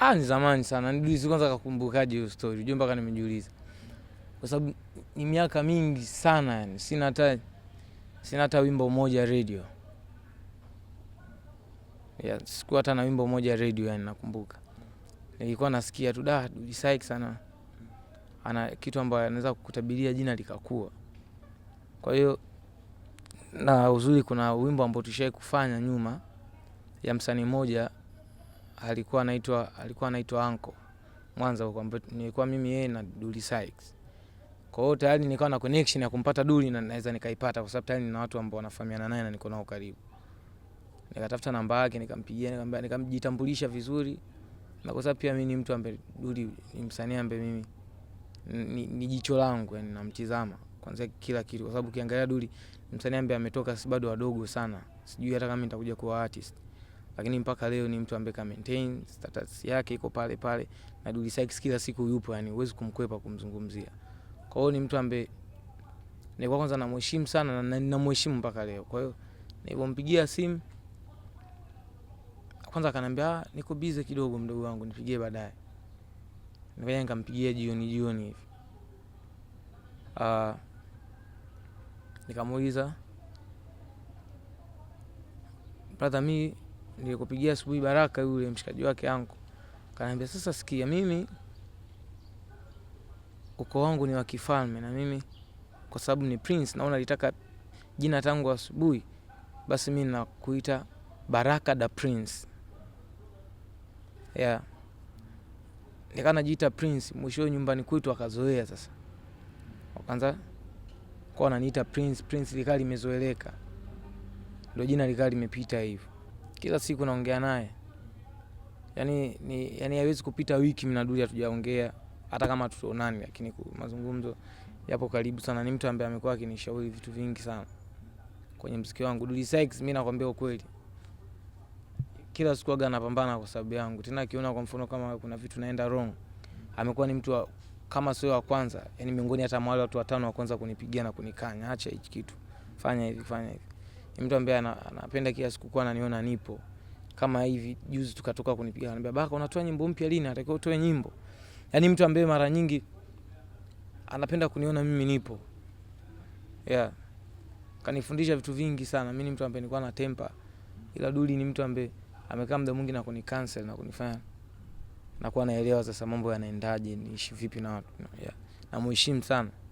Ah, ni zamani sana. Nijulize kwanza kakumbukaje hiyo story. Unajua mpaka nimejiuliza. Kwa sababu ni miaka mingi sana yani. Sina hata sina hata wimbo mmoja radio. Yeah, sikuwa hata na wimbo mmoja radio yani nakumbuka. Nilikuwa nasikia tu da Dudu sana. Ana kitu ambayo anaweza kukutabiria jina likakuwa. Kwa hiyo na uzuri kuna wimbo ambao tushai kufanya nyuma ya msanii mmoja alikuwa anaitwa alikuwa anaitwa Anko Mwanza huko, ambapo nilikuwa mimi yeye na Duli Sykes. Kwa hiyo tayari nilikuwa na connection ya kumpata Duli na naweza nikaipata kwa sababu tayari nina watu ambao wanafahamiana naye na niko nao karibu. Nikatafuta namba yake nikampigia, nikamwambia, nikamjitambulisha vizuri. Na kwa sababu pia mimi ni mtu ambaye Duli ni msanii ambaye mimi ni, ni jicho langu yani namtizama kwanza kila kitu, kwa sababu ukiangalia Duli msanii ambaye ametoka si bado wadogo sana, sijui hata kama nitakuja kuwa artist lakini mpaka leo ni mtu ambaye ka maintain status yake iko pale pale, na Dully Sykes kila siku yupo, yani huwezi kumkwepa kumzungumzia. Kwa hiyo ni mtu ambaye ni kwa kwanza namheshimu sana na ninamheshimu mpaka leo. Kwa hiyo nilipompigia simu kwanza akaniambia, ah, niko busy kidogo mdogo wangu, nipigie baadaye. Nikaja nikampigia jioni jioni hivi. Ah, nikamuuliza brother, mimi nilikupigia asubuhi Baraka yule mshikaji wake yangu kanaambia, sasa sikia, mimi ukoo wangu ni wa kifalme, na mimi kwa sababu ni prince, naona litaka jina tangu asubuhi, basi mi nakuita Baraka da Prince yeah. Nikaa najiita Prince, mwisho nyumbani kwetu akazoea sasa, wakaanza kwa wananiita Prince. Prince likaa limezoeleka, ndo jina likaa limepita hivyo kila siku naongea naye yani, ni, yani hawezi kupita wiki mnaduli hatujaongea hata kama tutuonani, lakini mazungumzo yapo karibu sana. Ni mtu ambaye amekuwa akinishauri vitu vingi sana kwenye mziki wangu. Dully Sykes, mimi nakwambia ukweli, kila siku aga anapambana kwa sababu yangu. Tena akiona kwa mfano kama kuna vitu naenda wrong, amekuwa ni mtu wa, kama sio wa kwanza, yani miongoni hata mwa wale watu watano wa kwanza kunipigia na kunikanya, acha hichi kitu, fanya hivi, fanya hivi ni mtu ambaye anapenda kila siku kuwa ananiona nipo. Kama hivi juzi tukatoka kunipiga, anambia baka, unatoa nyimbo mpya lini? Natakiwa utoe nyimbo. Yani mtu ambaye mara nyingi anapenda kuniona mimi nipo. Yeah. Kanifundisha vitu vingi sana. Mimi ni mtu ambaye nilikuwa na temper. Ila Duli ni mtu ambaye amekaa muda mwingi na kunikansel na kunifanya nakuwa naelewa sasa mambo yanaendaje, niishi vipi na watu. Yeah. Namuheshimu sana.